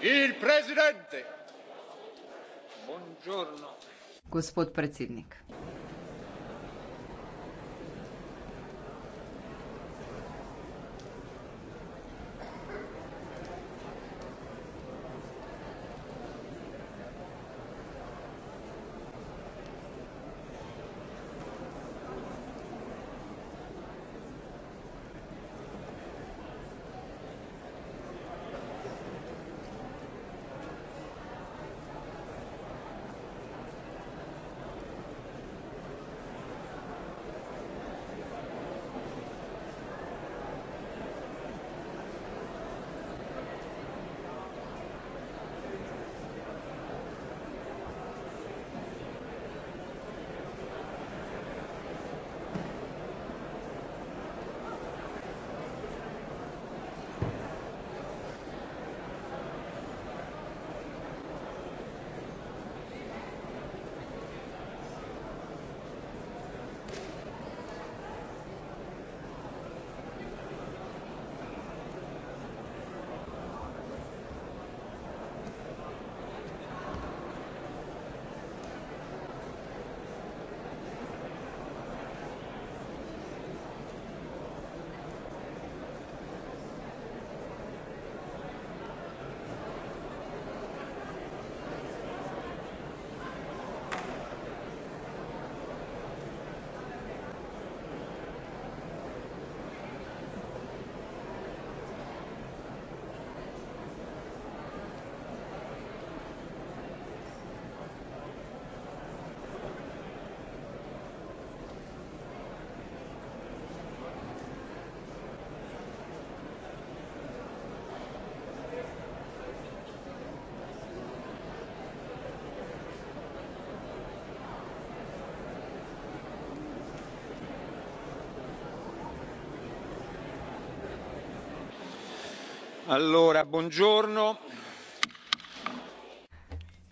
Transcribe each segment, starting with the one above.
Il presidente. Buongiorno. Gospod predsednik.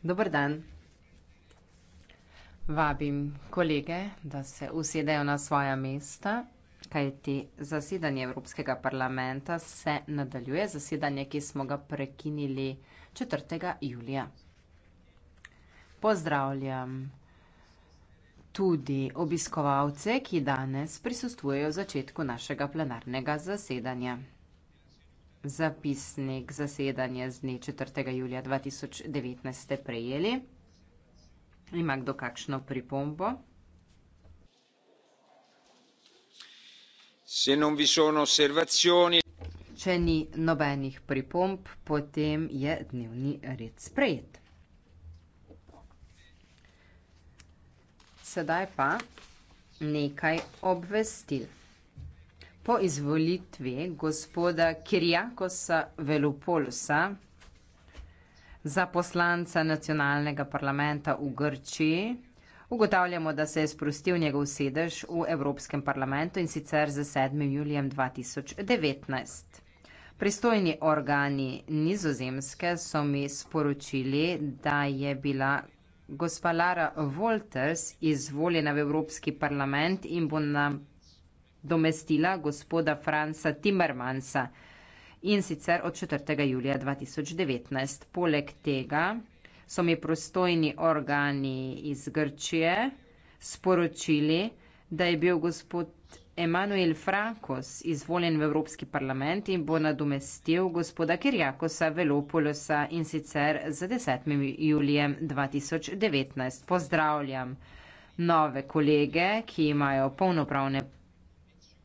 Dober dan. Vabim kolege, da se usedejo na svoja mesta, kajti zasedanje Evropskega parlamenta se nadaljuje, zasedanje, ki smo ga prekinili četrtega julija. Pozdravljam tudi obiskovalce, ki danes prisostvujejo začetku našega plenarnega zasedanja zapisnik zasedanja z dne 4. julija 2019 ste prejeli. Ima kdo kakšno pripombo? Se non vi sono osservazioni. Če ni nobenih pripomb, potem je dnevni red sprejet. Sedaj pa nekaj obvestil. Po izvolitvi gospoda Kirjakosa Velopolsa za poslanca nacionalnega parlamenta v Grčiji ugotavljamo, da se je sprostil njegov sedež v Evropskem parlamentu in sicer z 7. julijem 2019. Pristojni organi nizozemske so mi sporočili, da je bila gospa Lara Wolters izvoljena v Evropski parlament in bo nam domestila gospoda Franca Timmermansa in sicer od 4. julija 2019. Poleg tega so mi prostojni organi iz Grčije sporočili, da je bil gospod Emanuel Frankos izvoljen v Evropski parlament in bo nadomestil gospoda Kirjakosa Velopolosa in sicer za 10. julijem 2019. Pozdravljam nove kolege, ki imajo polnopravne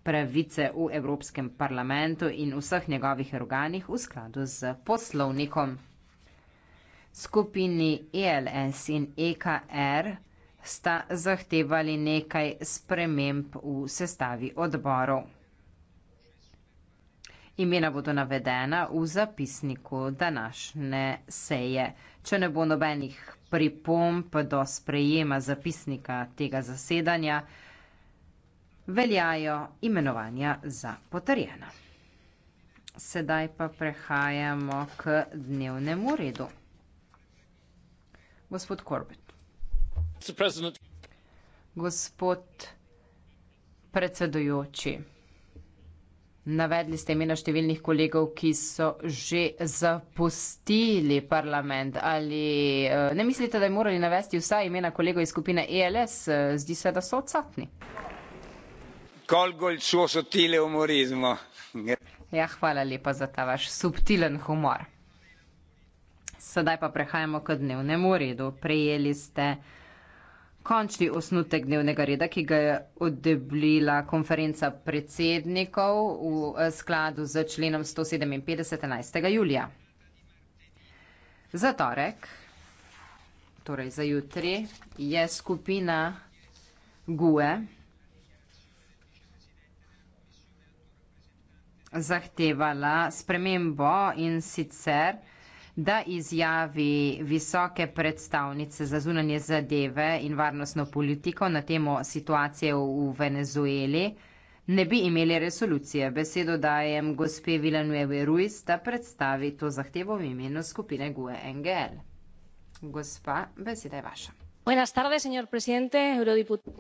pravice v Evropskem parlamentu in vseh njegovih organih v skladu z poslovnikom. Skupini ELS in EKR sta zahtevali nekaj sprememb v sestavi odborov. Imena bodo navedena v zapisniku današnje seje. Če ne bo nobenih pripomp do sprejema zapisnika tega zasedanja, veljajo imenovanja za potrjena. Sedaj pa prehajamo k dnevnemu redu. Gospod Korbet. Gospod predsedujoči, navedli ste imena številnih kolegov, ki so že zapustili parlament. Ali eh, ne mislite, da bi morali navesti vsa imena kolegov iz skupine ELS? Eh, zdi se, da so odsotni colgo il suo sottile umorismo. Ja, hvala lepa za ta vaš subtilen humor. Sedaj pa prehajamo k dnevnemu redu. Prejeli ste končni osnutek dnevnega reda, ki ga je odeblila konferenca predsednikov v eh, skladu z členom 157. 11. julija. Za torek, torej za jutri, je skupina GUE zahtevala spremembo in sicer, da izjavi visoke predstavnice za zunanje zadeve in varnostno politiko na temo situacije v Venezueli ne bi imeli resolucije. Besedo dajem gospe Villanueva Ruiz, da predstavi to zahtevo v imenu skupine GUE NGL. Gospa, beseda je vaša. Buenas tardes, señor presidente, eurodiputado.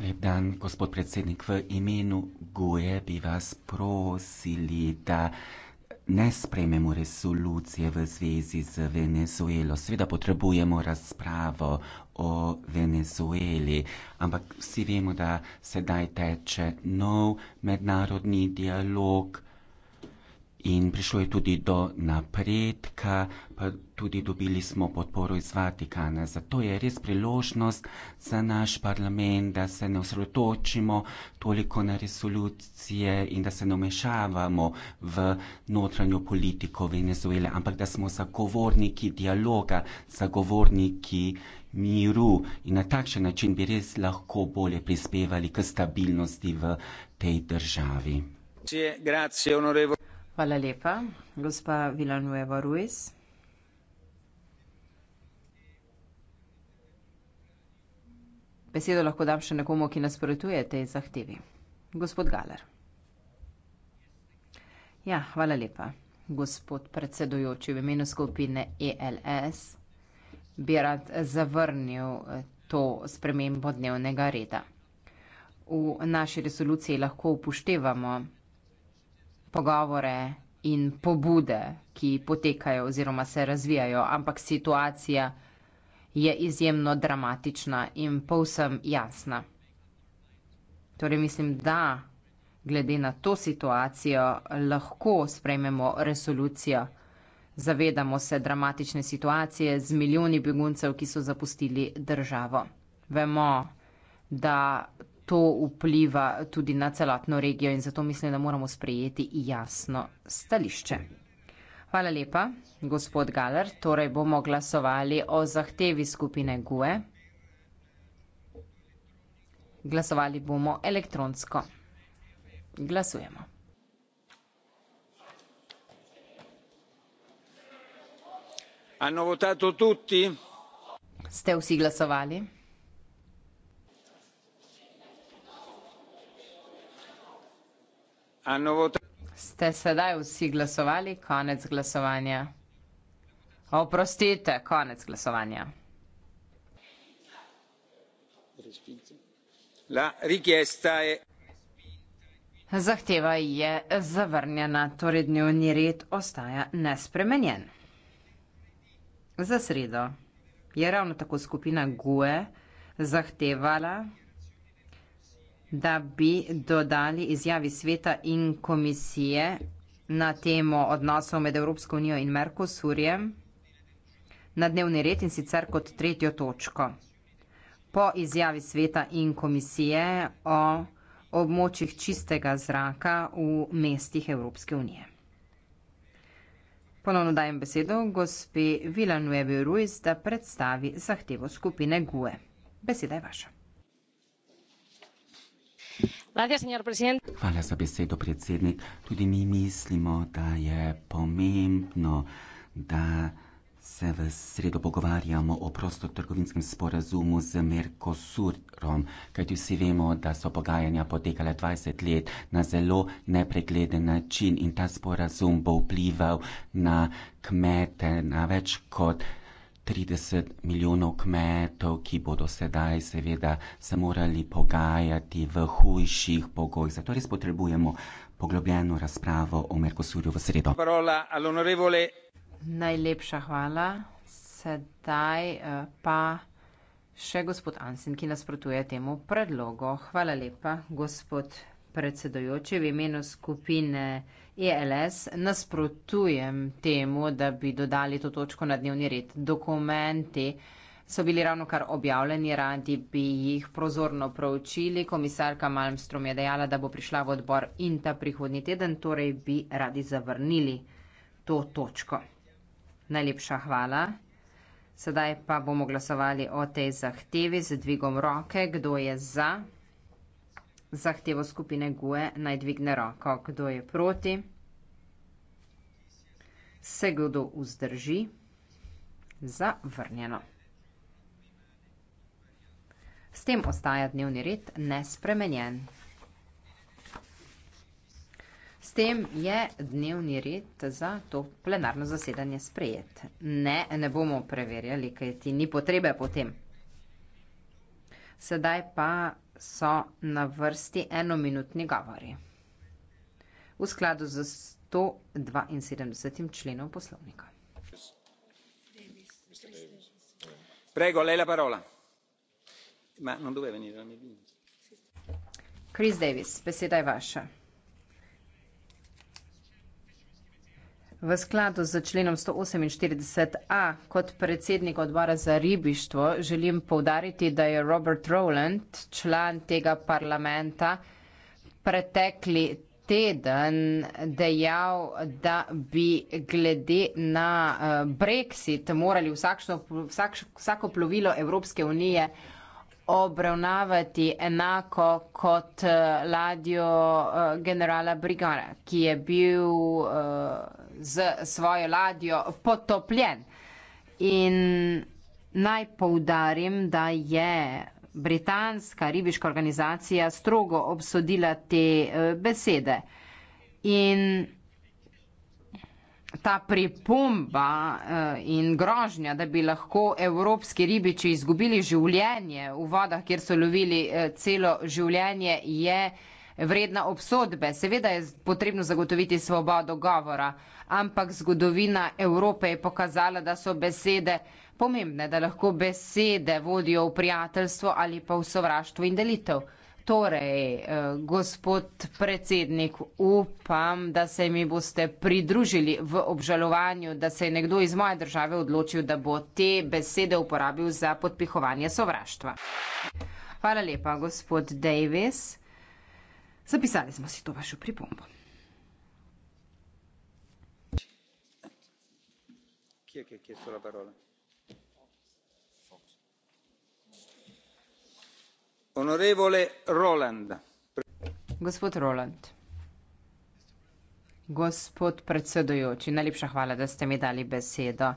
Lep dan, gospod predsednik. V imenu Goje bi vas prosili, da ne sprejmemo resolucije v zvezi z Venezuelo. Sveda potrebujemo razpravo o Venezueli, ampak vsi vemo, da sedaj teče nov mednarodni dialog. In prišlo je tudi do napredka, pa tudi dobili smo podporo iz Vatikana. Zato je res priložnost za naš parlament, da se ne osredotočimo toliko na resolucije in da se ne omešavamo v notranjo politiko Venezuele, ampak da smo zagovorniki dialoga, zagovorniki miru in na takšen način bi res lahko bolje prispevali k stabilnosti v tej državi. Grazie, grazie, Hvala lepa. Gospa Vilanueva Ruiz. Besedo lahko dam še nekomu, ki nasprotuje tej zahtevi. Gospod Galer. Ja, hvala lepa. Gospod predsedujoči, v imenu skupine ELS bi rad zavrnil eh, to spremembo dnevnega reda. V naši resoluciji lahko upoštevamo pogovore in pobude, ki potekajo oziroma se razvijajo, ampak situacija je izjemno dramatična in povsem jasna. Torej mislim, da glede na to situacijo lahko sprejmemo resolucijo. Zavedamo se dramatične situacije z milijoni beguncev, ki so zapustili državo. Vemo, da to vpliva tudi na celotno regijo in zato mislim, da moramo sprejeti jasno stališče. Hvala lepa, gospod Galer. Torej bomo glasovali o zahtevi skupine GUE. Glasovali bomo elektronsko. Glasujemo. Hanno votato tutti? Ste vsi glasovali? Ste sedaj vsi glasovali? Konec glasovanja. Oprostite, konec glasovanja. La richiesta je. Zahteva je zavrnjena, torej dnevni red ostaja nespremenjen. Za sredo je ravno tako skupina GUE zahtevala da bi dodali izjavi sveta in komisije na temo odnosov med Evropsko unijo in Merkosurjem na dnevni red in sicer kot tretjo točko. Po izjavi sveta in komisije o območjih čistega zraka v mestih Evropske unije. Ponovno dajem besedo gospe Vilanueve Ruiz, da predstavi zahtevo skupine GUE. Beseda je vaša. Hvala za besedo, predsednik. Tudi mi mislimo, da je pomembno, da se v sredo pogovarjamo o prostotrgovinskem sporazumu z Mercosurom, kajti vsi vemo, da so pogajanja potekala dvajset let na zelo nepregleden način in ta sporazum bo vplival na kmete, na več kot 30 milijonov kmetov, ki bodo sedaj seveda se morali pogajati v hujših pogojih. Zato res potrebujemo poglobljeno razpravo o Merkosurju v sredo. Najlepša hvala. Sedaj eh, pa še gospod Ansen, ki nasprotuje temu predlogu. Hvala lepa, gospod predsedojoči, v imenu skupine. ELS nasprotujem temu, da bi dodali to točko na dnevni red. Dokumenti so bili ravno kar objavljeni, radi bi jih prozorno proučili. Komisarka Malmstrom je dejala, da bo prišla v odbor in ta prihodni teden, torej bi radi zavrnili to točko. Najlepša hvala. Sedaj pa bomo glasovali o tej zahtevi z dvigom roke. Kdo je za? zahtevo skupine GUE naj dvigne roko. Kdo je proti? Se kdo vzdrži? Zavrnjeno. S tem ostaja dnevni red nespremenjen. S tem je dnevni red za to plenarno zasedanje sprejet. Ne, ne bomo preverjali, kaj ti ni potrebe potem. Sedaj pa so na vrsti enominutni govori. V skladu z 172. členom poslovnika. Prego, lei la parola. Ma non doveva venire la mia Chris Davis, beseda je vaša. V skladu z členom 148a kot predsednik odbora za ribištvo želim povdariti, da je Robert Rowland, član tega parlamenta, pretekli teden dejal, da bi glede na eh, Brexit morali vsakšno, vsak, vsako plovilo Evropske unije obravnavati enako kot eh, ladjo eh, generala Brigara, ki je bil eh, z svojo ladjo potopljen. In naj poudarim, da je britanska ribiška organizacija strogo obsodila te besede. In ta pripomba eh, in grožnja, da bi lahko evropski ribiči izgubili življenje v vodah, kjer so lovili eh, celo življenje, je vredna obsodbe. Seveda je potrebno zagotoviti svobodo govora, ampak zgodovina Evrope je pokazala, da so besede pomembne, da lahko besede vodijo v prijateljstvo ali pa v sovraštvo in delitev. Torej, eh, gospod predsednik, upam, da se mi boste pridružili v obžalovanju, da se je nekdo iz moje države odločil, da bo te besede uporabil za podpihovanje sovraštva. Hvala lepa, gospod Davis. Zapisali smo si to vašo pripombo. Kje, kje, kje so la parola? Gospod Roland. Gospod predsedujoči, najlepša hvala, da ste mi dali besedo.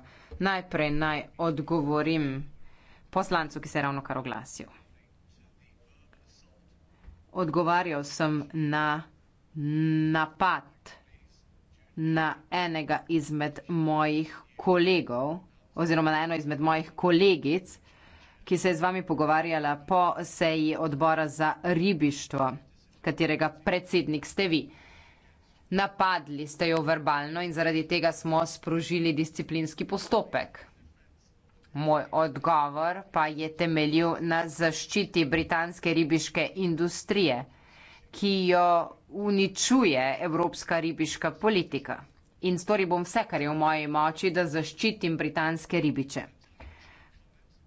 Najprej naj odgovorim poslancu, ki se je ravno kar oglasil. Odgovarjal sem na napad na enega izmed mojih kolegov oziroma na eno izmed mojih kolegic, ki se je z vami pogovarjala po seji odbora za ribištvo, katerega predsednik ste vi. Napadli ste jo verbalno in zaradi tega smo sprožili disciplinski postopek. Moj odgovor pa je temeljil na zaščiti britanske ribiške industrije, ki jo uničuje evropska ribiška politika. In stori bom vse, kar je v moji moči, da zaščitim britanske ribiče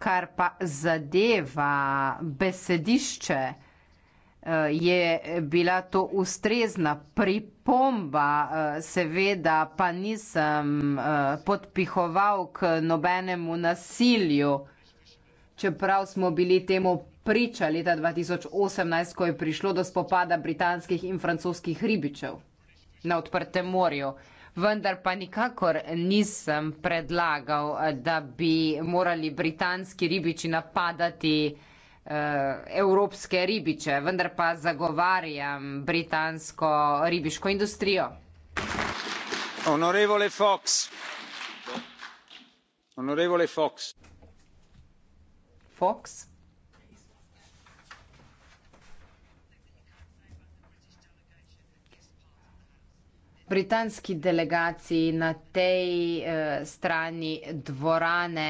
kar pa zadeva besedišče, eh, je bila to ustrezna pripomba, eh, seveda pa nisem eh, podpihoval k nobenemu nasilju, čeprav smo bili temu priča leta 2018, ko je prišlo do spopada britanskih in francoskih ribičev na odprtem morju vendar pa nikakor nisem predlagal, da bi morali britanski ribiči napadati eh, evropske ribiče, vendar pa zagovarjam britansko ribiško industrijo. Fox. britanski delegaciji na tej eh, strani dvorane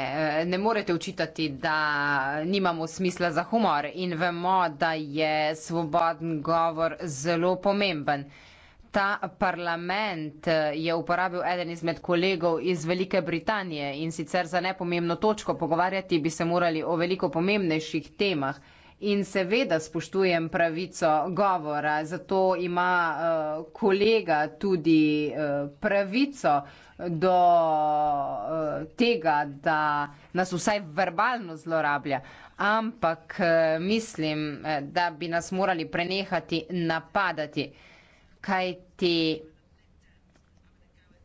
eh, ne morete očitati, da nimamo smisla za humor in vemo, da je svoboden govor zelo pomemben. Ta parlament eh, je uporabil eden izmed kolegov iz Velike Britanije in sicer za nepomembno točko pogovarjati bi se morali o veliko pomembnejših temah in seveda spoštujem pravico govora, zato ima uh, kolega tudi uh, pravico do uh, tega, da nas vsaj verbalno zlorablja. Ampak uh, mislim, da bi nas morali prenehati napadati, kaj ti.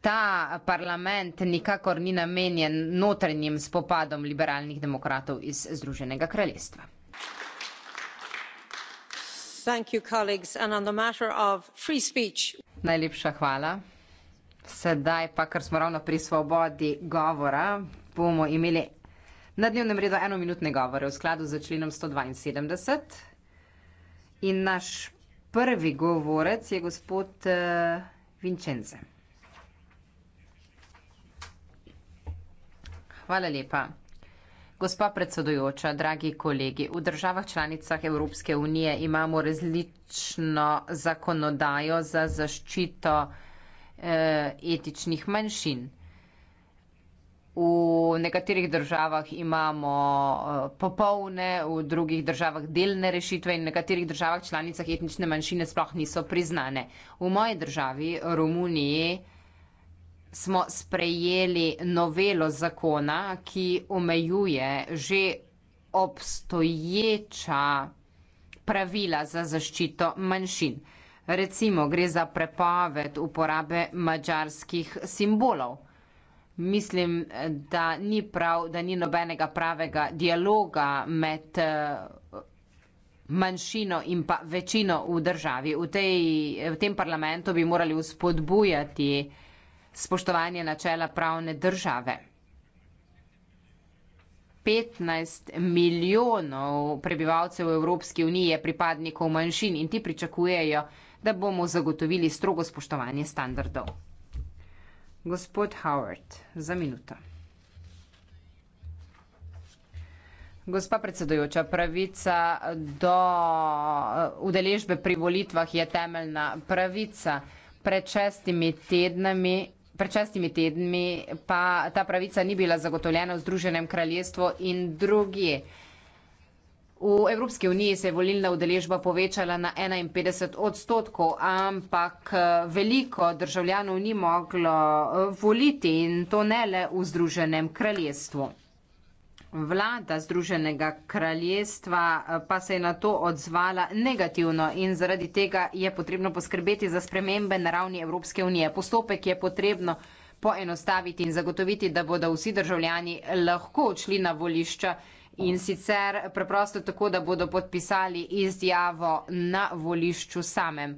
Ta parlament nikakor ni namenjen notranjim spopadom liberalnih demokratov iz Združenega kraljestva najlepša hvala sedaj pa ker smo ravno pri svobodi govora bomo imeli na dnevnem redu enominutne govore v skladu z členom sto dvainsedemdeset in naš prvi govorec je gospod uh, eh, vincenzo hvala lepa Gospa predsedujoča, dragi kolegi, v državah članicah Evropske unije imamo različno zakonodajo za zaščito eh, etičnih manjšin. V nekaterih državah imamo eh, popolne, v drugih državah delne rešitve in v nekaterih državah članicah etnične manjšine sploh niso priznane. V moji državi, Romuniji, smo sprejeli novelo zakona, ki omejuje že obstoječa pravila za zaščito manjšin. Recimo gre za prepoved uporabe mađarskih simbolov. Mislim, da ni prav, da ni nobenega pravega dialoga med eh, manjšino in pa večino v državi. V, tej, v tem parlamentu bi morali uspodbujati uh, spoštovanje načela pravne države. 15 milijonov prebivalcev Evropske unije pripadnikov manjšin in ti pričakujejo, da bomo zagotovili strogo spoštovanje standardov. Gospod Howard, za minuto. Gospa predsedujoča, pravica do uh, udeležbe pri volitvah je temeljna pravica. Pred šestimi tednami Pred šestimi tedni pa ta pravica ni bila zagotovljena v Združenem kraljestvu in drugi. V Evropski uniji se je volilna udeležba povečala na 51 odstotkov, ampak eh, veliko državljanov ni moglo eh, voliti in to ne le v Združenem kraljestvu. Vlada Združenega kraljestva eh, pa se je na to odzvala negativno in zaradi tega je potrebno poskrbeti za spremembe na ravni Evropske unije. Postopek je potrebno poenostaviti in zagotoviti, da bodo vsi državljani lahko odšli na volišča in sicer preprosto tako, da bodo podpisali izjavo na volišču samem.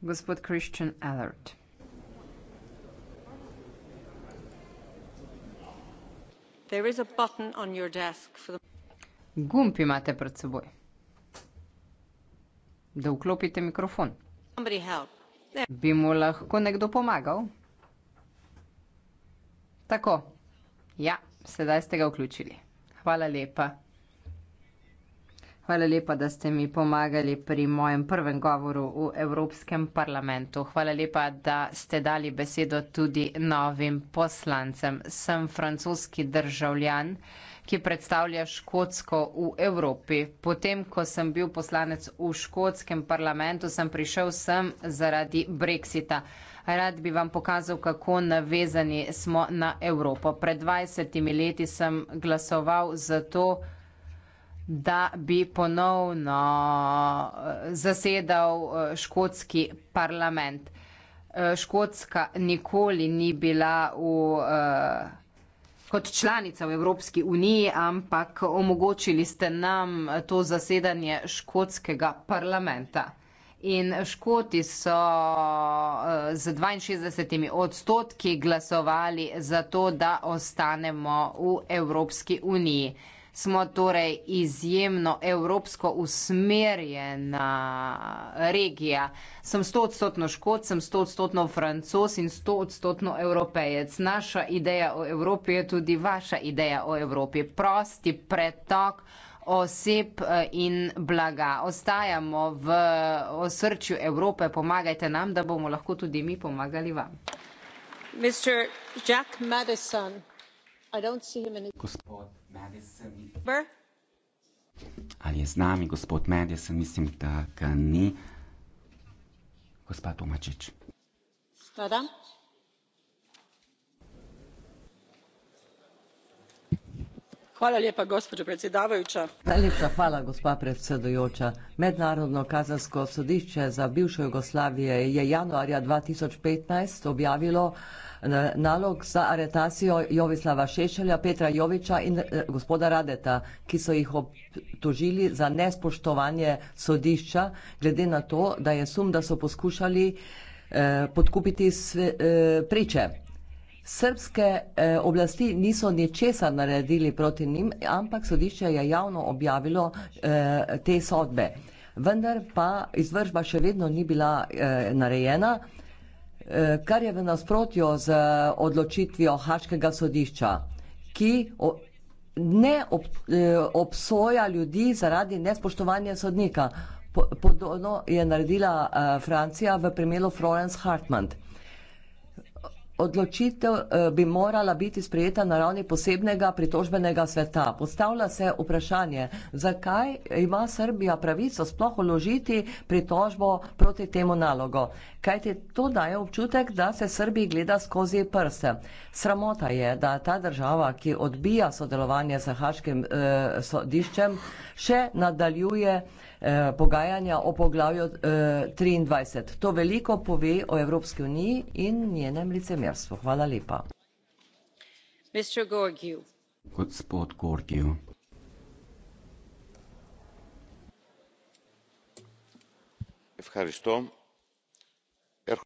gospod Christian Allard. There is a button on your desk for the... Gumb imate pred seboj. Da vklopite mikrofon. Somebody help. There. Bi mu lahko nekdo pomagal? Tako. Ja, sedaj ste ga vključili. Hvala lepa. Hvala lepa, da ste mi pomagali pri mojem prvem govoru v Evropskem parlamentu. Hvala lepa, da ste dali besedo tudi novim poslancem. Sem francoski državljan, ki predstavlja Škotsko v Evropi. Potem, ko sem bil poslanec v Škotskem parlamentu, sem prišel sem zaradi Brexita. Rad bi vam pokazal, kako navezani smo na Evropo. Pred 20 leti sem glasoval za to, da bi ponovno eh, zasedal eh, škotski parlament. Eh, Škotska nikoli ni bila v, kot članica v Evropski uniji, ampak omogočili ste nam to zasedanje škotskega parlamenta. In škoti so z 62 odstotki glasovali za to, da ostanemo v Evropski uniji smo torej izjemno evropsko usmerjena regija. Sem 100% škot, sem 100% francos in 100% evropejec. Naša ideja o Evropi je tudi vaša ideja o Evropi. Prosti pretok oseb eh, in blaga. Ostajamo v osrčju Evrope. Pomagajte nam, da bomo lahko tudi mi pomagali vam. Mr. Jack Madison. I don't see him in his... Gospod Madison. Ber? Ali je z nami gospod Madison? Mislim, da ga ni. Gospa Tomačič. Skladam. Hvala lepa, gospođo predsedavajuča. Najlepša hvala, gospa predsedujoča. Mednarodno kazansko sodišče za bivšo Jugoslavijo je januarja 2015 objavilo, nalog za aretacijo Jovislava Šešelja, Petra Joviča in eh, gospoda Radeta, ki so jih obtožili za nespoštovanje sodišča, glede na to, da je sum, da so poskušali eh, podkupiti eh, priče. Srbske oblasti niso ničesar naredili proti njim, ampak sodišče je javno objavilo te sodbe. Vendar pa izvržba še vedno ni bila narejena kar je v nasprotju z odločitvijo Haškega sodišča, ki ne ob, e, obsoja ljudi zaradi nespoštovanja sodnika. Podobno je naredila e, Francija v primeru Florence Hartmann odločitev eh, bi morala biti sprejeta na ravni posebnega pritožbenega sveta. Postavlja se vprašanje, zakaj ima Srbija pravico sploh uložiti pritožbo proti temu nalogu. Kajti to daje občutek, da se Srbiji gleda skozi prste. Sramota je, da ta država, ki odbija sodelovanje z Haškim eh, sodiščem, še nadaljuje eh, eh, pogajanja o poglavju eh, 23. To veliko pove o Evropski uniji in njenem licemerstvu. Hvala lepa. Gospod Gorgiju. Er-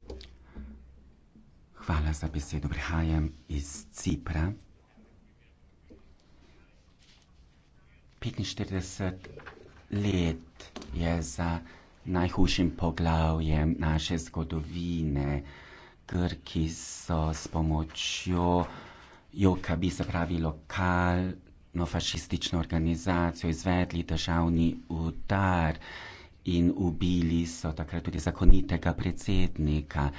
Hvala za besedo. Prihajam iz Cipra. 45 let je za najhujšim poglavjem naše zgodovine. Grki so s pomočjo Jokabi, se pravi lokalno fašistično organizacijo, izvedli državni udar in ubili so takrat tudi zakonitega predsednika.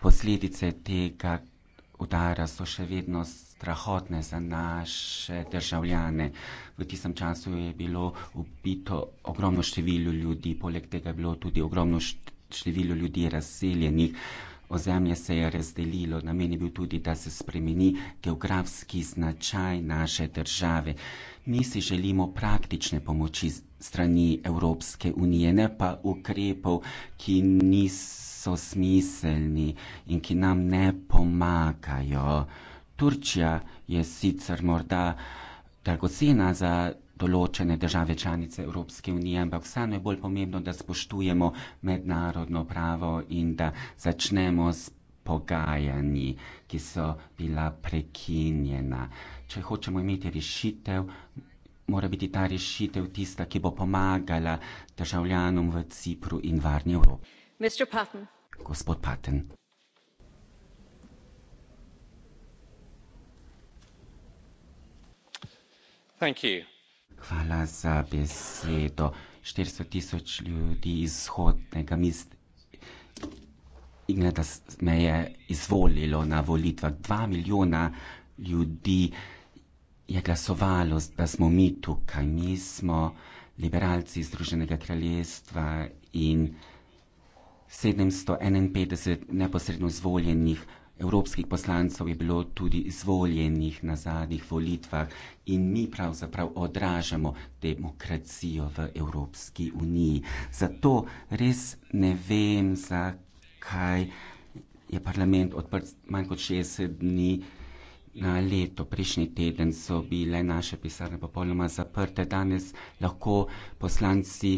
Posledice tega, udara so še vedno strahotne za naše državljane. V tistem času je bilo ubito ogromno število ljudi, poleg tega je bilo tudi ogromno število ljudi razseljenih. Ozemlje se je razdelilo, namen je bil tudi, da se spremeni geografski značaj naše države. Mi si želimo praktične pomoči strani Evropske unije, ne pa ukrepov, ki niso niso smiselni in ki nam ne pomagajo. Turčija je sicer morda dragocena za določene države članice Evropske unije, ampak vseeno je bolj pomembno, da spoštujemo mednarodno pravo in da začnemo s pogajanji, ki so bila prekinjena. Če hočemo imeti rešitev, mora biti ta rešitev tista, ki bo pomagala državljanom v Cipru in varni Evropi. Gospod Patton gospod Paten. Hvala za besedo. 400 tisoč ljudi izhodnega mest in da me je izvolilo na volitvah. Dva milijona ljudi je glasovalo, da smo mi tukaj. Mi smo liberalci Združenega kraljestva in 751 neposredno izvoljenih evropskih poslancev je bilo tudi izvoljenih na zadnjih volitvah in mi pravzaprav odražamo demokracijo v Evropski uniji. Zato res ne vem, zakaj je parlament odprt manj kot 60 dni. Na leto, prejšnji teden so bile naše pisarne popolnoma zaprte, danes lahko poslanci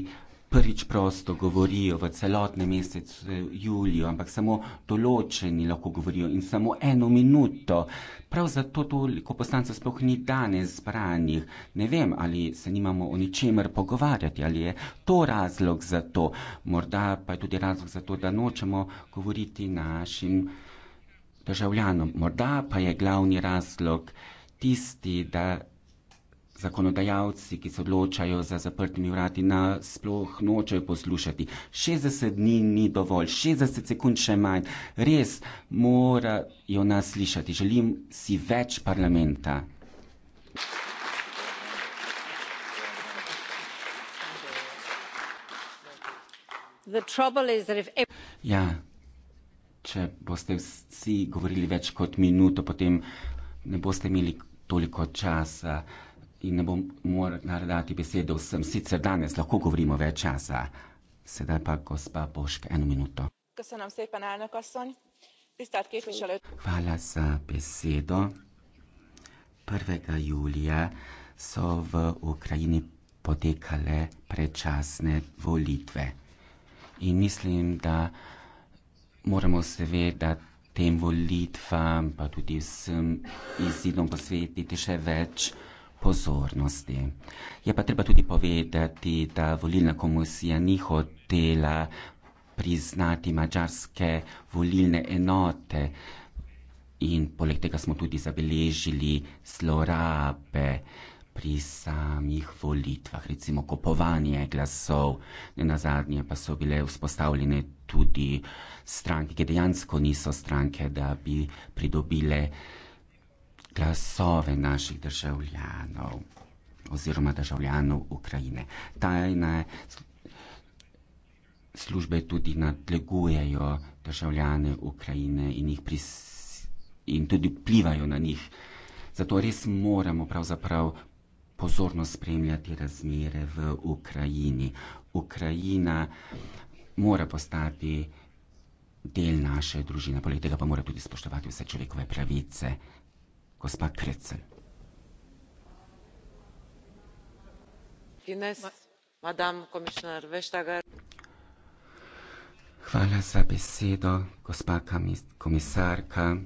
prvič prosto govorijo v celotnem mesecu eh, juliju, ampak samo določeni lahko govorijo in samo eno minuto. Prav zato toliko poslancev sploh ni danes zbranih. Ne vem, ali se nimamo o ničemer pogovarjati, ali je to razlog za to. Morda pa je tudi razlog za to, da nočemo govoriti našim državljanom. Morda pa je glavni razlog tisti, da zakonodajalci, ki se odločajo za zaprtimi vrati, nasploh nočejo poslušati. 60 dni ni dovolj, 60 sekund še manj. Res morajo nas slišati. Želim si več parlamenta. Ja, če boste vsi govorili več kot minuto, potem ne boste imeli toliko časa. Uh, in ne bom morala dati besede vsem, sicer danes lahko govorimo več časa. Sedaj pa gospa Boška, eno minuto. Hvala za besedo. 1. julija so v Ukrajini potekale predčasne volitve. In mislim, da moramo seveda tem volitvam, pa tudi vsem izidom posvetiti še več pozornosti pozornosti. Je pa treba tudi povedati, da volilna komisija ni hotela priznati mađarske volilne enote in poleg tega smo tudi zabeležili zlorabe pri samih volitvah, recimo kupovanje glasov, ne nazadnje pa so bile vzpostavljene tudi stranke, ki dejansko niso stranke, da bi pridobile glasove naših državljanov oziroma državljanov Ukrajine. Tajne službe tudi nadlegujejo državljane Ukrajine in, pris, in tudi vplivajo na njih. Zato res moramo pravzaprav pozorno spremljati razmere v Ukrajini. Ukrajina mora postati del naše družine, poleg tega pa mora tudi spoštovati vse človekove pravice gospa kretsen. Hvala za besedo, gospa komisarka.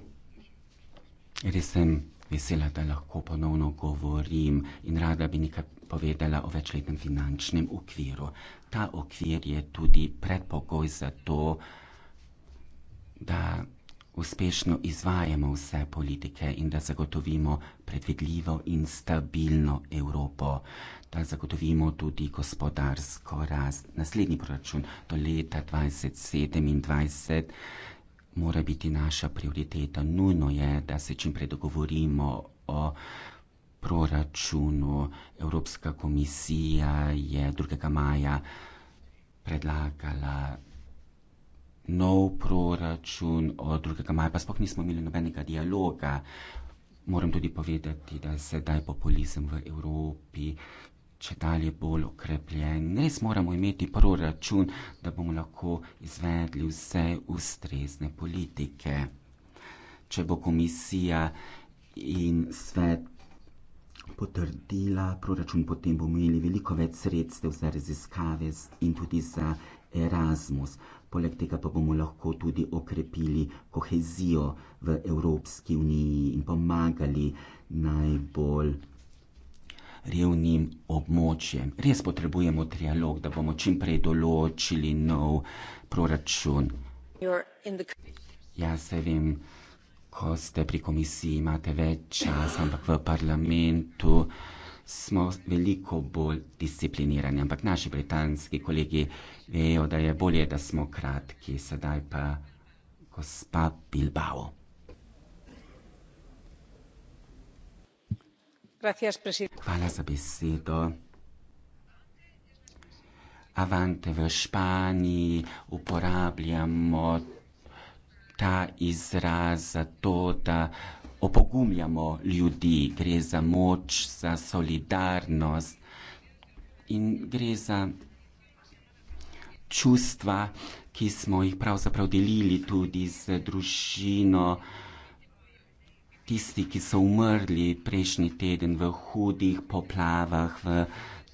Res sem vesela, da lahko ponovno govorim in rada bi nekaj povedala o večletnem finančnem okviru. Ta okvir je tudi predpogoj za to, da uspešno izvajamo vse politike in da zagotovimo predvidljivo in stabilno Evropo, da zagotovimo tudi gospodarsko rast. Naslednji proračun do leta 2027 mora biti naša prioriteta. Nujno je, da se čim prej dogovorimo o proračunu. Evropska komisija je 2. maja predlagala nov proračun, od 2. maja pa sploh nismo imeli nobenega dialoga. Moram tudi povedati, da je sedaj populizem v Evropi če dalje bolj okrepljen. Res moramo imeti proračun, da bomo lahko izvedli vse ustrezne politike. Če bo komisija in svet potrdila proračun, potem bomo imeli veliko več sredstev za raziskave in tudi za Erasmus poleg tega pa bomo lahko tudi okrepili kohezijo v Evropski uniji in pomagali najbolj revnim območjem. Res potrebujemo trialog, da bomo čim prej določili nov proračun. The... Ja, se vem, ko ste pri komisiji, imate več časa, ampak v parlamentu smo veliko bolj disciplinirani, ampak naši britanski kolegi vejo, da je bolje, da smo kratki, sedaj pa gospa Bilbao. Hvala za besedo. Avante v Španiji uporabljamo ta izraz zato, da opogumljamo ljudi, gre za moč, za solidarnost in gre za čustva, ki smo jih pravzaprav delili tudi z družino tistih, ki so umrli prejšnji teden v hudih poplavah v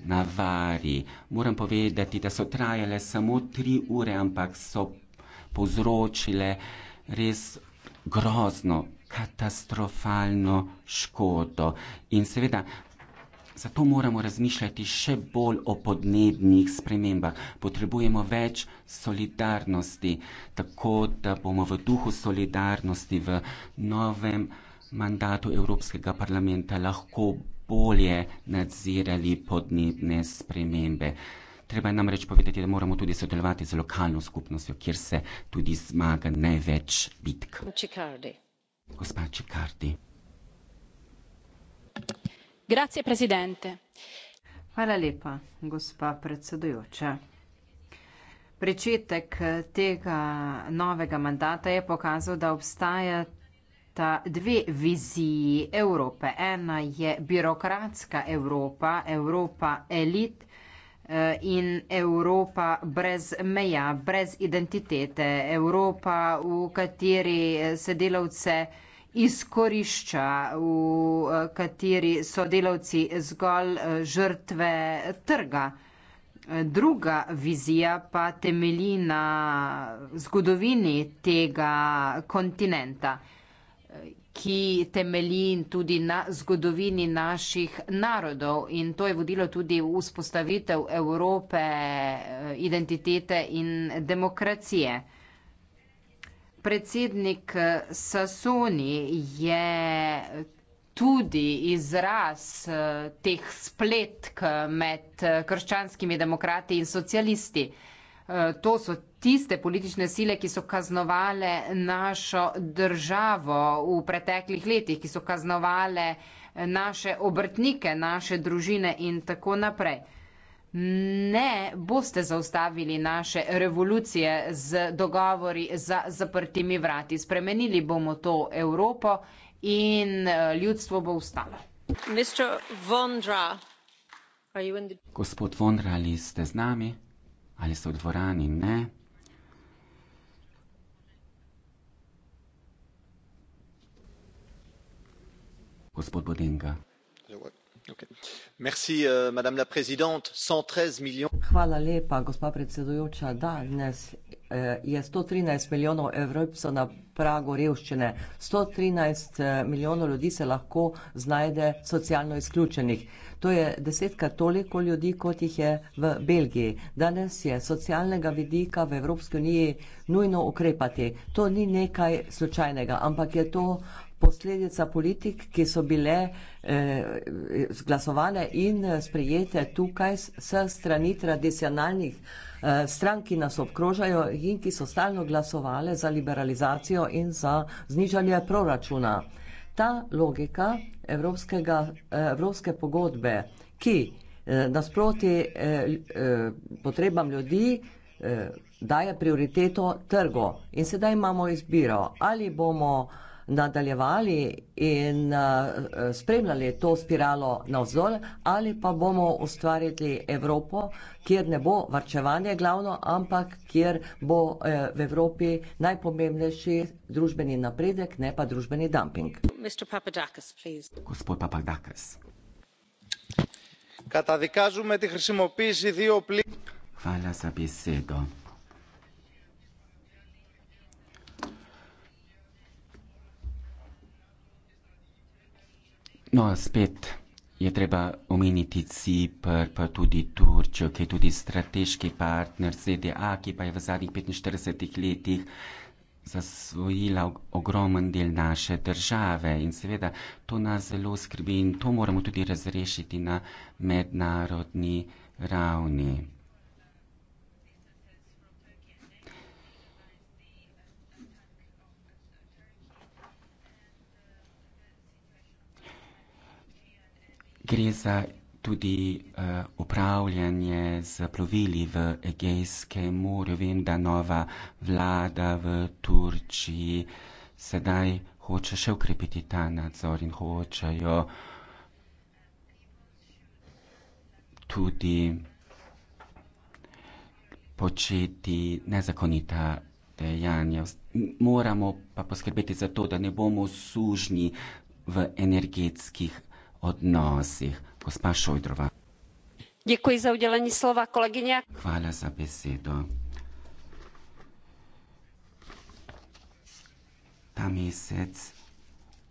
Navari. Moram povedati, da so trajale samo tri ure, ampak so povzročile res grozno katastrofalno škodo. In seveda, zato moramo razmišljati še bolj o podnebnih spremembah. Potrebujemo več solidarnosti, tako da bomo v duhu solidarnosti v novem mandatu Evropskega parlamenta lahko bolje nadzirali podnebne spremembe. Treba nam reč povedati, da moramo tudi sodelovati z lokalno skupnostjo, kjer se tudi zmaga največ bitk. Čikardi. Hvala lepa, gospa predsedujoča. Pričetek, tega novega mandata je pokazal, da obstajata dve viziji Evrope. Ena je birokratska Evropa, Evropa elit, Eh, in Evropa brez meja, brez identitete, Evropa, v kateri eh, se delavce izkorišča, v eh, kateri so delavci zgolj žrtve trga. Druga vizija pa temelji na zgodovini tega kontinenta ki temelji tudi na zgodovini naših narodov in to je vodilo tudi v vzpostavitev Evrope, eh, identitete in demokracije. Predsednik eh, Sassoni je tudi izraz eh, teh spletk med krščanskimi demokrati in socialisti. Eh, to so tiste politične sile, ki so kaznovale našo državo v preteklih letih, ki so kaznovale eh, naše obrtnike, naše družine in tako naprej. Ne boste zaustavili naše revolucije z dogovori za zaprtimi vrati. Spremenili bomo to Evropo in eh, ljudstvo bo ustalo. Gospod Vondra, ali ste z nami? ali so v dvorani, ne. Gospod Bodenga. Euh, Hvala lepa, gospa predsedujoča. Danes, eh, je sto trinajst milijonov Evropcev na pragu revščine. Sto trinajst, eh, milijonov ljudi se lahko znajde socialno izključenih. To je desetkrat toliko ljudi, kot jih je v Belgiji. Danes je socialnega vidika v Evropski uniji nujno ukrepati. To ni nekaj slučajnega, ampak je to, posledica politik, ki so bile eh, zglasovane in eh, sprejete tukaj s strani tradicionalnih eh, strank, ki nas obkrožajo in ki so stalno glasovale za liberalizacijo in za znižanje proračuna. Ta logika evropskega, eh, evropske pogodbe, ki eh, nasproti eh, eh, potrebam ljudi, eh, daje prioriteto trgo. In sedaj imamo izbiro, ali bomo nadaljevali in eh, spremljali to spiralo navzdol ali pa bomo ustvarili Evropo, kjer ne bo varčevanje glavno, ampak kjer bo eh, v Evropi najpomembnejši družbeni napredek, ne pa družbeni dumping. Gospod Papadakis. Hvala za besedo. No, spet je treba omeniti Cipr, pa tudi Turčjo, ki je tudi strateški partner ZDA, ki pa je v zadnjih 45 letih zasvojila ogromen del naše države in seveda to nas zelo skrbi in to moramo tudi razrešiti na mednarodni ravni. gre za tudi uh, upravljanje z plovili v Egejskem morju. Vem, da nova vlada v Turčiji sedaj hoče še ukrepiti ta nadzor in hočejo tudi početi nezakonita dejanja. Moramo pa poskrbeti za to, da ne bomo sužni v energetskih odnosih. Gospa Šojdrova. Děkuji za udělení slova, kolegyně. Hvala za besedo. Ta mesec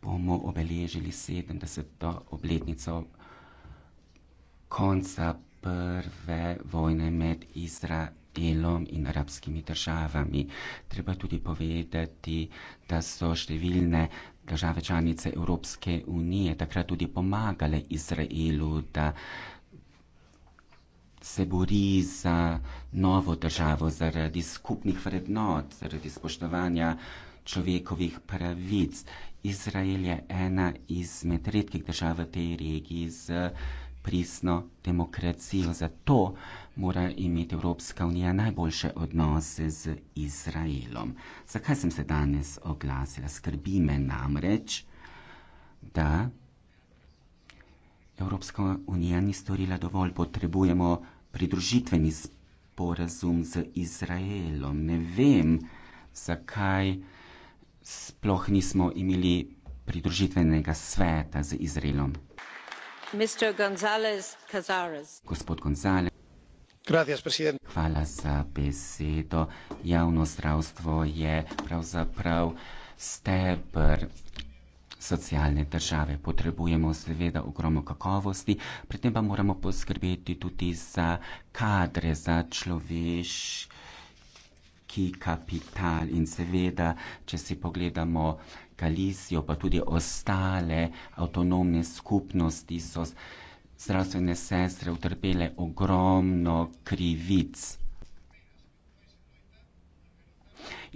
bomo obeležili 70. obletnico konca prve vojne med Izraelom in arabskimi državami. Treba tudi povedati, da so številne države članice Evropske unije takrat tudi pomagale Izraelu, da se bori za novo državo zaradi skupnih vrednot, zaradi spoštovanja človekovih pravic. Izrael je ena izmed redkih držav v tej regiji z pristno demokracijo. Zato mora imeti Evropska unija najboljše odnose z Izraelom. Zakaj sem se danes oglasila? Skrbi me namreč, da Evropska unija ni storila dovolj, potrebujemo pridružitveni sporazum z Izraelom. Ne vem, zakaj sploh nismo imeli pridružitvenega sveta z Izraelom. Hvala za besedo. Javno zdravstvo je pravzaprav steber socialne države. Potrebujemo seveda ogromno kakovosti, pri tem pa moramo poskrbeti tudi za kadre, za ki kapital in seveda, če si pogledamo Kalisijo, pa tudi ostale avtonomne skupnosti, so zdravstvene sestre utrpele ogromno krivic.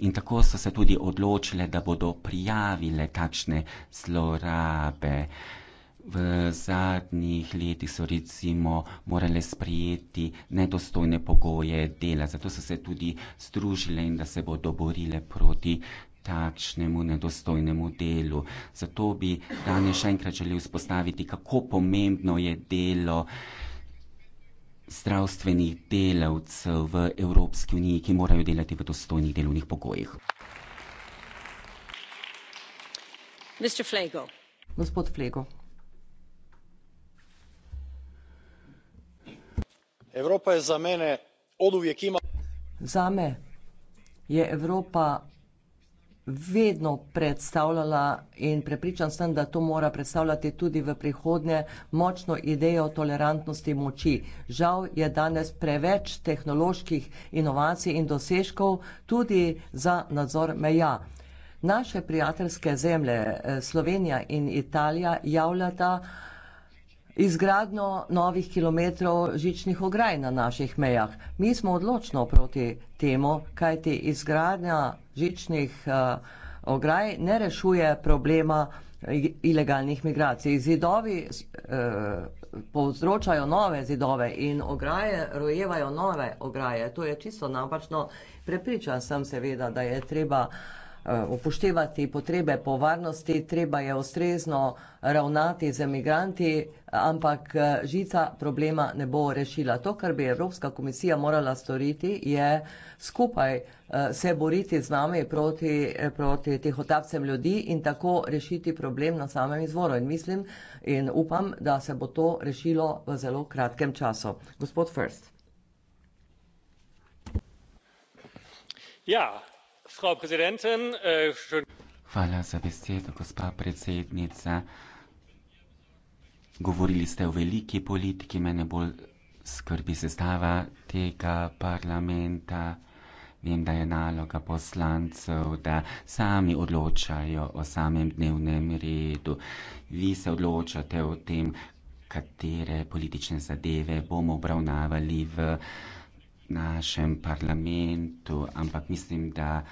In tako so se tudi odločile, da bodo prijavile takšne zlorabe. Uh, V zadnjih letih so recimo morale sprijeti nedostojne pogoje dela, zato so se tudi združile in da se bodo borile proti takšnemu nedostojnemu delu. Zato bi danes še enkrat želel izpostaviti, kako pomembno je delo zdravstvenih delavcev v Evropski uniji, ki morajo delati v dostojnih delovnih pogojih. Gospod Flego. zame je Evropa vedno predstavljala in prepričan sem, da to mora predstavljati tudi v prihodnje močno idejo tolerantnosti moči. Žal je danes preveč tehnoloških inovacij in dosežkov tudi za nadzor meja. Naše prijateljske zemlje eh, Slovenija in Italija javljata, izgradnjo novih kilometrov žičnih ograj na naših mejah. Mi smo odločno proti temu, kajti izgradnja žičnih uh, ograj ne rešuje problema eh, ilegalnih migracij. Zidovi uh, povzročajo nove zidove in ograje rojevajo nove ograje. To je čisto napačno. Prepričan sem seveda, da je treba uh, Eh, upoštevati potrebe po varnosti, treba je ustrezno ravnati z emigranti, ampak eh, žica problema ne bo rešila. To, kar bi Evropska komisija morala storiti, je skupaj eh, se boriti z nami proti, proti teh otapcem ljudi in tako rešiti problem na samem izvoru. In mislim in upam, da se bo to rešilo v zelo kratkem času. Gospod First. Ja, Äh, Hvala za besedo, gospa predsednica. Govorili ste o veliki politiki, mene bolj skrbi sestava tega parlamenta. Vem, da je naloga poslancev, da sami odločajo o samem dnevnem redu. Vi se odločate o tem, katere politične zadeve bomo obravnavali v našem parlamentu, ampak mislim, da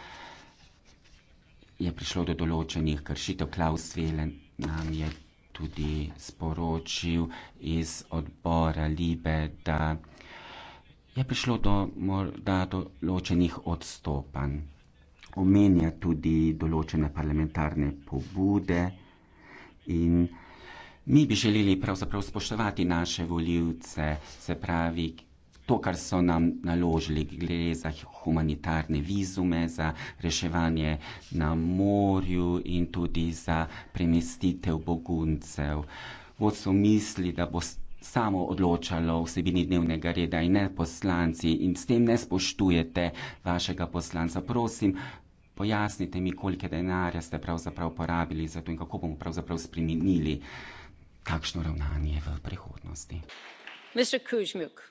je prišlo do določenih kršitev. Klaus Velen nam je tudi sporočil iz odbora Libe, da je prišlo do morda določenih odstopanj. Omenja tudi določene parlamentarne pobude in mi bi želeli pravzaprav spoštovati naše voljivce, se pravi, to, kar so nam naložili, gre za humanitarne vizume, za reševanje na morju in tudi za premestitev boguncev. Vodstvo misli, da bo samo odločalo vsebini dnevnega reda in ne poslanci in s tem ne spoštujete vašega poslanca. Prosim, pojasnite mi, koliko denarja ste pravzaprav porabili za to in kako bomo pravzaprav spremenili takšno ravnanje v prihodnosti. Mr. Kuzmuk.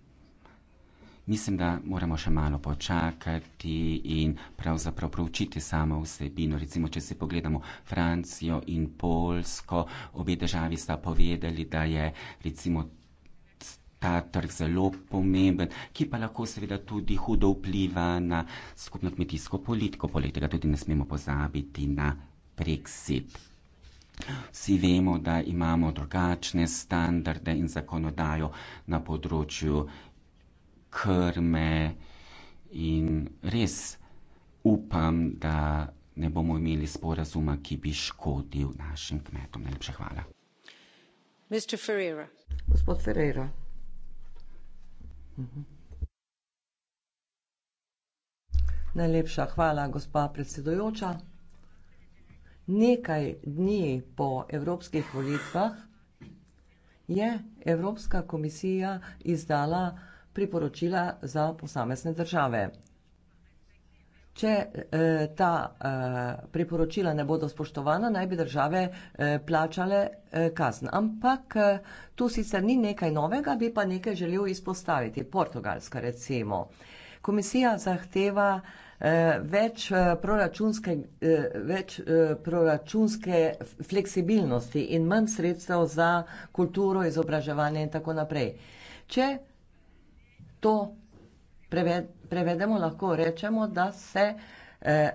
mislim, da moramo še malo počakati in pravzaprav proučiti samo vsebino. Recimo, če si pogledamo Francijo in Polsko, obe državi sta povedali, da je recimo. Ta trg zelo pomemben, ki pa lahko seveda tudi hudo vpliva na skupno kmetijsko politiko, poleg tega tudi ne smemo pozabiti na Brexit. Vsi vemo, da imamo drugačne standarde in zakonodajo na področju krme in res upam, da ne bomo imeli sporazuma, ki bi škodil našim kmetom. Najlepša hvala. Mr. Ferreira. Gospod Ferreira. Mhm. Najlepša hvala, gospa predsedujoča. Nekaj dni po evropskih volitvah je Evropska komisija izdala priporočila za posamezne države. Če eh, ta eh, priporočila ne bodo spoštovana, naj bi države eh, plačale eh, kazn. Ampak eh, tu sicer ni nekaj novega, bi pa nekaj želel izpostaviti. Portugalska recimo. Komisija zahteva eh, več, eh, proračunske, eh, več eh, proračunske fleksibilnosti in manj sredstev za kulturo, izobraževanje in tako naprej. Če to preved, prevedemo, lahko rečemo, da se eh,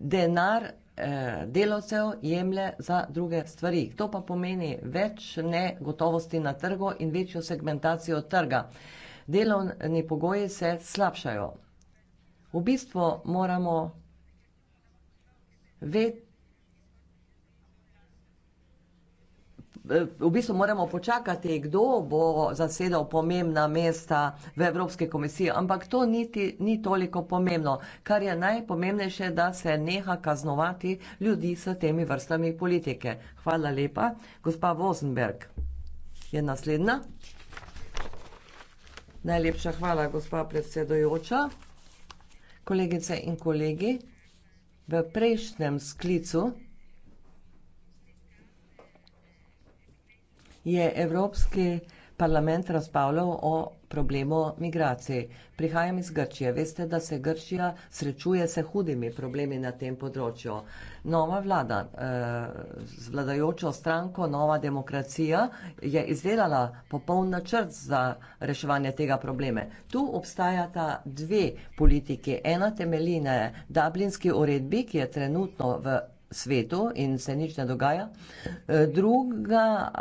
denar eh, delovcev jemlje za druge stvari. To pa pomeni več negotovosti na trgu in večjo segmentacijo trga. Delovni pogoji se slabšajo. V bistvu moramo vedeti, Eh, v bistvu moramo počakati, kdo bo zasedal pomembna mesta v Evropske komisije, ampak to niti ni toliko pomembno. Kar je najpomembnejše, da se neha kaznovati ljudi s temi vrstami politike. Hvala lepa. Gospa Vozenberg je naslednja. Najlepša hvala, gospa predsedojoča. Kolegice in kolegi, v prejšnjem sklicu je Evropski parlament razpravljal o problemu migracij. Prihajam iz Grčije. Veste, da se Grčija srečuje s hudimi problemi na tem področju. Nova vlada eh, z vladajočo stranko Nova demokracija je izdelala popoln načrt za reševanje tega probleme. Tu obstajata dve politiki. Ena temeljina je Dublinski uredbi, ki je trenutno v svetu in se nič ne dogaja. Eh, druga,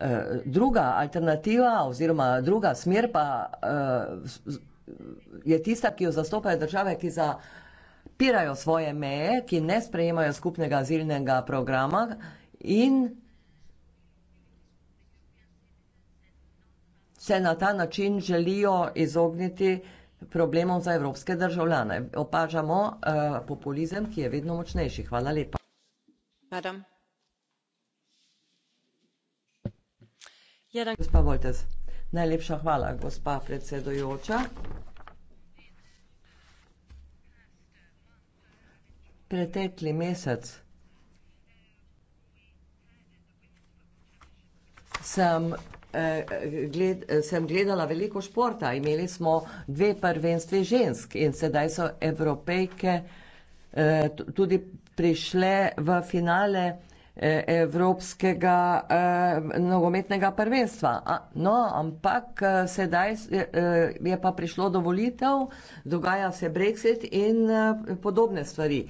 eh, druga alternativa oziroma druga smer pa eh, je tista, ki jo zastopajo države, ki zapirajo svoje meje, ki ne sprejemajo skupnega azilnega programa in se na ta način želijo izogniti problemov za evropske državljane. Opažamo uh, populizem, ki je vedno močnejši. Hvala lepa. Madam. Jedan. Ja, gospa Voltes, najlepša hvala, gospa predsedujoča. Pretekli mesec sem gled, sem gledala veliko športa. Imeli smo dve prvenstve žensk in sedaj so evropejke eh, tudi prišle v finale eh, evropskega eh, nogometnega prvenstva. A, no, ampak eh, sedaj eh, je pa prišlo do volitev, dogaja se Brexit in eh, podobne stvari.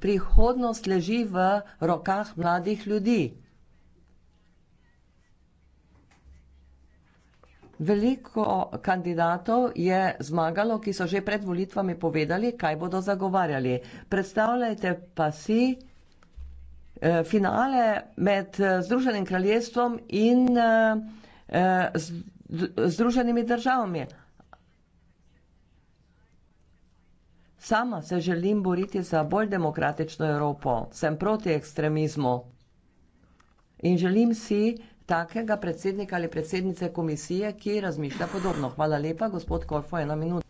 Prihodnost leži v rokah mladih ljudi. Veliko kandidatov je zmagalo, ki so že pred volitvami povedali, kaj bodo zagovarjali. Predstavljajte pa si eh, finale med eh, Združenim kraljestvom in eh, Združenimi državami. Sama se želim boriti za bolj demokratično Evropo. Sem proti ekstremizmu. In želim si, da takega predsednika ali predsednice komisije, ki razmišlja podobno. Hvala lepa, gospod Korfo, ena minuta.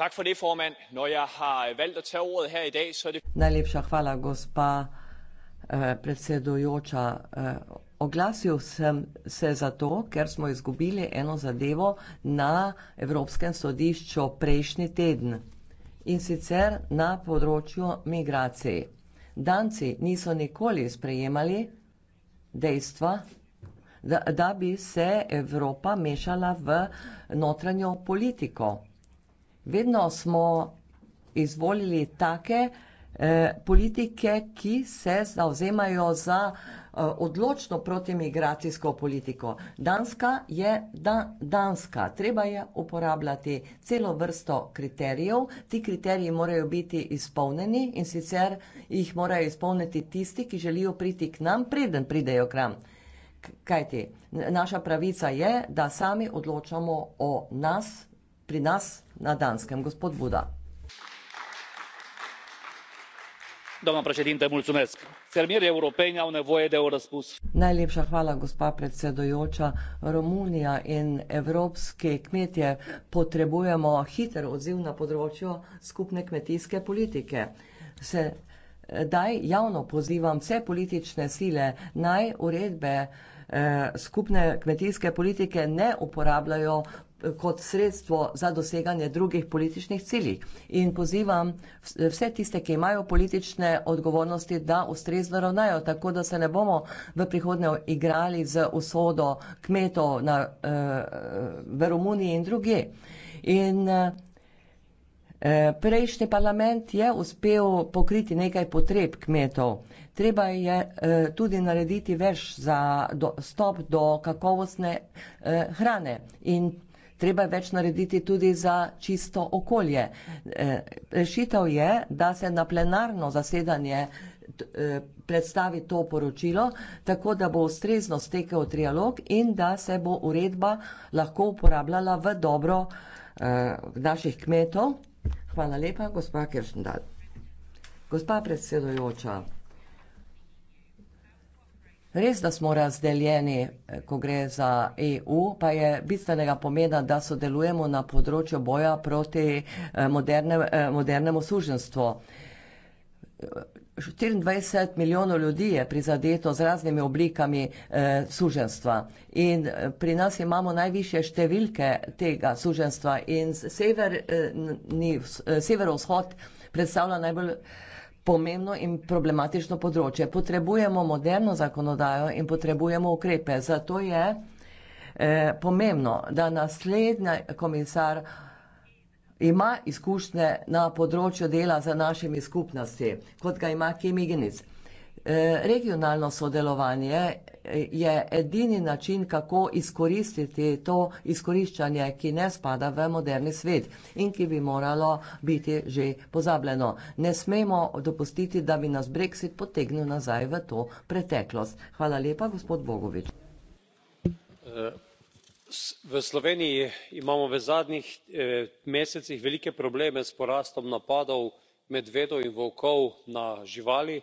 Tak for det, formand. Når jeg har øh, valgt at tage ordet her i dag, så er det... Najlepša hvala, gospa øh, predsedujoča. Øh, oglasil sem se zato, ker smo izgubili eno zadevo na Evropskem sodišču prejšnji teden in sicer na področju migracij. Danci niso nikoli sprejemali dejstva, da, da bi se Evropa mešala v notranjo politiko. Vedno smo izvolili take, Eh, politike, ki se zauzemajo za eh, odločno protimigracijsko politiko. Danska je da, Danska. Treba je uporabljati celo vrsto kriterijev. Ti kriteriji morajo biti izpolneni in sicer jih morajo izpolniti tisti, ki želijo priti k nam, preden pridejo k nam. Kaj ti? Naša pravica je, da sami odločamo o nas, pri nas na Danskem, gospod Buda. doamnă președintă fermierii europeni au nevoie de un răspuns. Najlepša hvala, gospa predsedujoča. Romunija in evropske kmetje potrebujemo hiter odziv na področju skupne kmetijske politike. Se daj javno pozivam vse politične sile naj uredbe eh, skupne kmetijske politike ne uporabljajo kot sredstvo za doseganje drugih političnih ciljih. In pozivam vse tiste, ki imajo politične odgovornosti, da ustrezno ravnajo, tako da se ne bomo v prihodnje igrali z usodo kmetov na, eh, v Romuniji in druge. In eh, prejšnji parlament je uspel pokriti nekaj potreb kmetov. Treba je eh, tudi narediti več za dostop do kakovostne hrane. In treba je več narediti tudi za čisto okolje. E, rešitev je, da se na plenarno zasedanje e, predstavi to poročilo, tako da bo ustrezno stekel trialog in da se bo uredba lahko uporabljala v dobro e, naših kmetov. Hvala lepa, gospa Kiršendal. Gospa predsedujoča, Res, da smo razdeljeni, eh, ko gre za EU, pa je bistvenega pomena, da sodelujemo na področju boja proti eh, moderne, eh, modernemu suženstvu. 24 milijonov ljudi je prizadeto z raznimi oblikami eh, suženstva in pri nas imamo najvišje številke tega suženstva in sever, eh, ni, severovzhod predstavlja najbolj eh, pomembno in problematično področje. Potrebujemo moderno zakonodajo in potrebujemo ukrepe. Zato je eh, pomembno, da naslednji komisar ima izkušnje na področju dela za našimi skupnosti, kot ga ima Kim Igenic. Eh, regionalno sodelovanje eh, je edini način, kako izkoristiti to izkoriščanje, ki ne spada v moderni svet in ki bi moralo biti že pozabljeno. Ne smemo dopustiti, da bi nas Brexit potegnil nazaj v to preteklost. Hvala lepa, gospod Bogovič. Eh, v Sloveniji imamo v zadnjih mesecih velike probleme s porastom napadov medvedov in volkov na živali.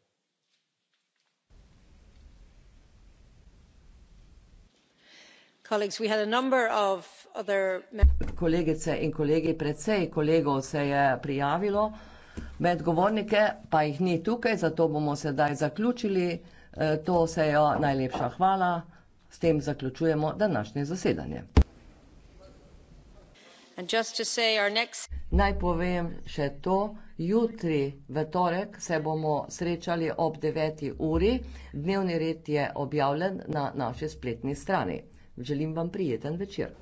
Kolegice in kolegi, precej kolegov se je prijavilo, med govornike pa jih ni tukaj, zato bomo sedaj zaključili, eh, to sejo, najlepša hvala. S tem zaključujemo današnje zasedanje. Naj povem še to, jutri, v torek, se bomo srečali ob deveti uri, dnevni red je objavljen na naši spletni strani. Želim vam prijeten večer.